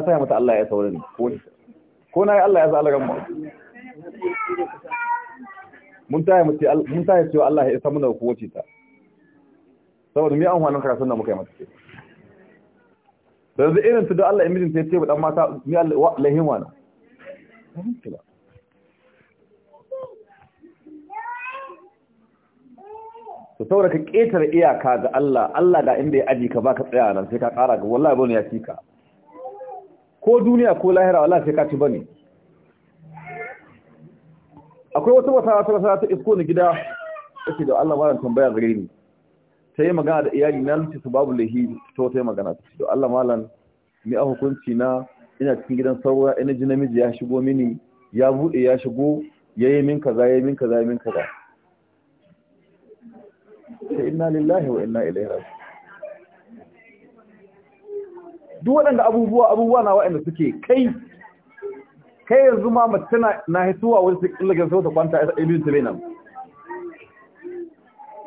taya mata Allah ya saurin ko ko na yi Allah ya sa alagan mu mun taya cewa Allah ya isa muna kowace ta saboda mai amfanin karatun da muka yi mata ce da irin su da Allah ya mijinta ya ce ba dan mata mai lahin wani su saboda ka ƙetare iyaka ga Allah Allah ga inda ya aji ka ba ka tsaya nan sai ka ƙara ga wallahi bane ya fi ka ko duniya ko lahira wallahi sai ka ci bane akwai wata wata wata wata ta isko ni gida take da Allah malam tambaya gare ni ta yi magana da iyali na nace su babu lahi to ta yi magana ta ce da Allah malam ni a hukunci na ina cikin gidan saura ina ji namiji ya shigo mini ya bude ya shigo ya yi min kaza ya yi min kaza ya yi min kaza ta inna lillahi wa inna ilaihi raji duk waɗanda abubuwa abubuwa na waɗanda suke kai kai yanzu ma mace tana na hituwa wani su ƙillaga sau ta kwanta a ilimin ta benin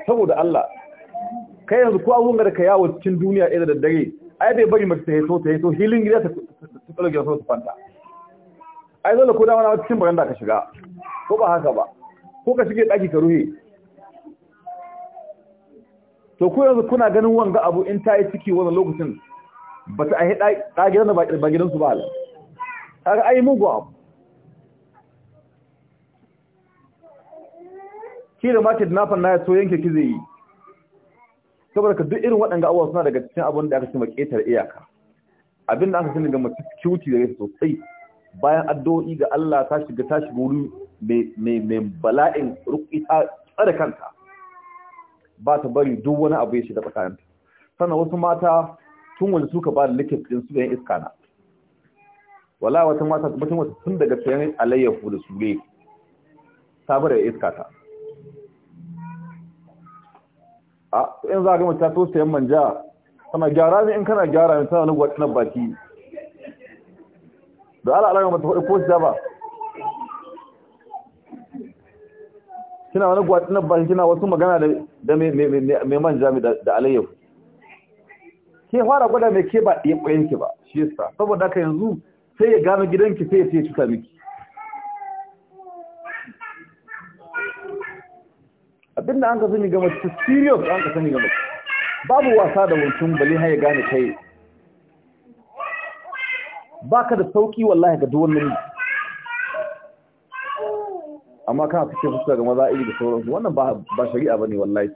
saboda Allah kai yanzu ko abun da ka yawo cikin duniya ɗaya da daddare ai bai bari mace ta hito ta hito hilin gida ta ƙillaga sau ta kwanta ai dole ko dama na cikin baranda ka shiga ko ba haka ba ko ka shige ɗaki ka ruhe to ko yanzu kuna ganin wanga abu in ta yi ciki wani lokacin ba ta a hita ɗagiran da ba gidansu ba halin kaga ai mugu abu kira ma kidnapper na ya so yanke ki zai yi saboda ka duk irin waɗanda abubuwa suna daga cikin abin da aka cima ƙetar iyaka abin da aka sani ga mutum cuti da sosai bayan addu'o'i ga Allah ta shiga ta shiga wuri mai bala'in ruƙi ta tsare kanta ba ta bari duk wani abu ya shiga tsakaninta sannan wasu mata tun wani suka ba da likit ɗin su da yin iska na wala wata mata mutum wata tun daga sayan alayyahu da sule sabar da iska ta a in za ga mace ta so sayan manja Kana gyara ne in kana gyara ne tana nugwa na baki da ala alaƙa mata ko shi ba kina wani na baki kina wasu magana da me mai manja da alayyahu ke fara gwada mai ke ba ɗin ƙwayen ke ba shi yasa saboda haka yanzu sai ya gano gidanki sai ya ce cuta miki abinda an ka sani ga mace serious an ka sani ga mace babu wasa da wancan bali har ya gane kai baka da sauki wallahi ga duk wannan amma kana fice fuska ga maza iri da sauransu wannan ba ba shari'a bane wallahi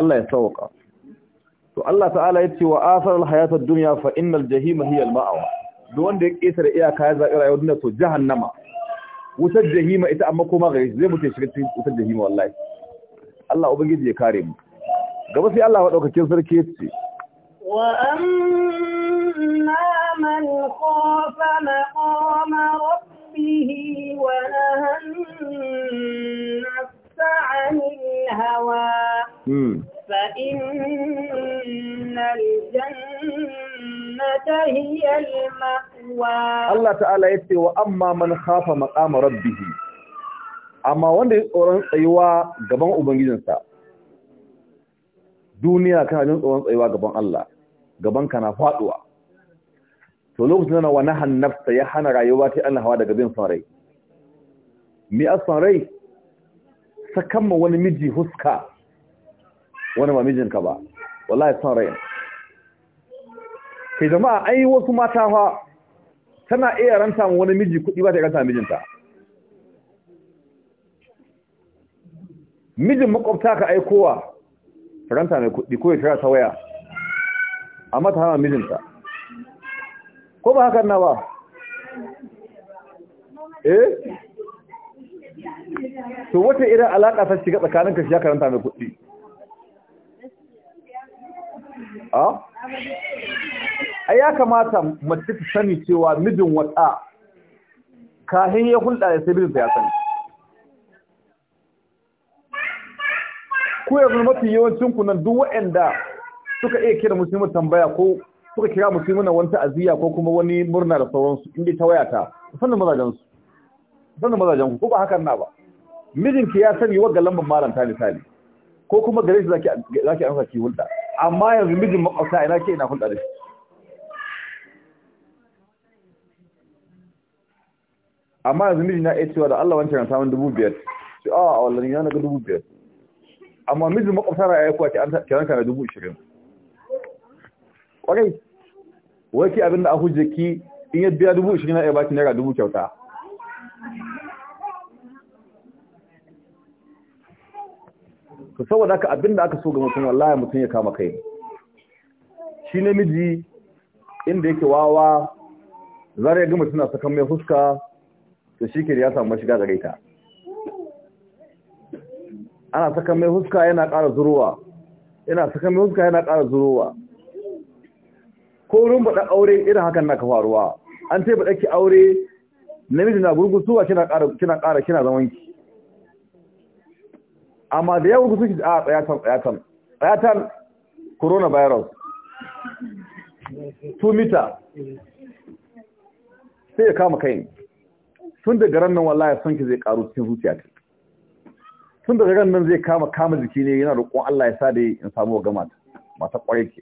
Allah ya sauka to Allah ta'ala yace wa afar al duniya dunya fa innal jahima hiya al duk wanda ya ƙetare iyaka ya zaɓi rayuwar duniya to jahannama wutar jahima ita amma koma gare zai mutu shiga cikin wutar jahima wallahi Allah ubangiji ya kare mu gaba sai Allah madaukakin sarki ya ce wa amma man khafa maqama rabbihi wa nahana 'anil hawa hmm. fa innal jannata Allah ta'ala ya ce wa amma man khafa maqama rabbih amma wanda ya tsoron tsayuwa gaban ubangijinsa duniya kana jin tsoron tsayuwa gaban Allah gaban kana faduwa to lokacin da wani nafsa ya hana rayuwa ta Allah hawa daga bin son rai mi asarai rai ma wani miji huska wani ba mijinka ba wallahi son rai kai jama'a ai wasu mata fa tana iya ranta mu wani miji kuɗi ba ta ranta mijinta mijin makwabta ka aikowa ranta mai kuɗi ko ya kira ta waya amma ta hana mijinta ko ba hakan na ba eh to wata irin alaƙa ta shiga tsakanin ka shi ya karanta mai kuɗi a ah? a ya kamata mace ta sani cewa mijin wata kahin ya hulɗa ya sai mijinta ya sani ku yanzu mafi yawancin nan duk waɗanda suka iya kira musulmi tambaya ko suka kira musulmi na wani ta'aziyya ko kuma wani murna da sauransu inda ta waya ta sanin mazajen su sanin mazajen ku ko ba hakan na ba mijinki ya sani wa ga lambar malam ta misali ko kuma gare shi zaki amsa ki hulɗa amma yanzu mijin makwabta ina ke ina hulɗa da shi amma yanzu miji na iya cewa da Allah wancan samun dubu biyar ce a ah, a wallahi na ga dubu biyar amma mijin makwabta na ya kuwa ke ranka na dubu ishirin kwarai wai ki abinda a hujje ki in ya biya dubu ishirin na iya baki naira dubu kyauta to saboda haka abinda aka so ga mutum wallahi mutum ya kama kai shi miji inda yake wawa zarar ya ga mutum na sakan mai fuska to shi ke ya samu shiga da gaita. ana saka mai huska yana ƙara zurowa yana saka mai huska yana ƙara zurowa ko wurin baɗa aure irin hakan na ka faruwa an ce baɗa ki aure namiji na gurgusuwa kina ƙara kina ƙara kina zaman ki amma da ya gurgusu ki a tsayatan tsayatan tsayatan coronavirus two meter sai ya kama kai ne tun daga ran nan wallahi son ki zai karu cikin zuciya ta tun daga ran nan zai kama kama jiki ne yana roƙon Allah ya sa da in samu gama ta, mata ƙwarai ke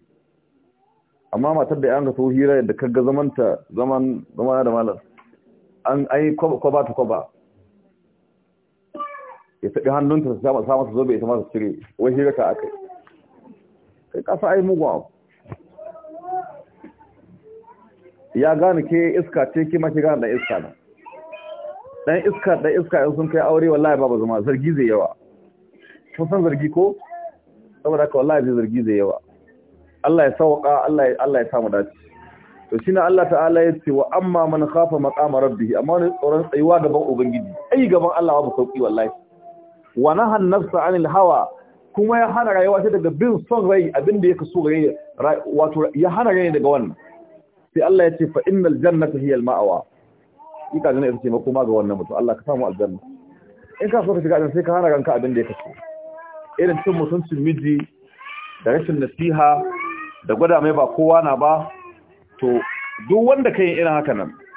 amma matar da yanka so hira da kaga zaman ta zaman zama da malam an ai kwaba ta kwaba ya taɓi hannunta ta sa masa zobe ita masa cire wai hira ka akai kai kasa ai mugun abu ya gane ke iska ce ki ma ki gane da iska na dan iska dan iska in sun kai aure wallahi babu zama zargi zai yawa kun san zargi ko saboda haka wallahi zai zargi zai yawa Allah ya sauka Allah Allah ya mu dace to shine Allah ta'ala ya ce wa amma man khafa maqama rabbih amma ne tsoron tsayuwa gaban ubangiji ai gaban Allah babu sauki wallahi wa nahan nafsa anil hawa kuma ya hana rayuwa ta daga bin son rai abinda yake so rai wato ya hana rai daga wannan sai Allah ya ce fa innal jannata hiya al mawa yi ka jana ita ce makoma ga wannan mutum Allah ka samu aljanna in ka so ka shiga aljanna sai ka hana ganka abin da ya kaso irin cin mutuncin miji da rashin nasiha da gwada mai ba kowa na ba to duk wanda ka yi irin haka nan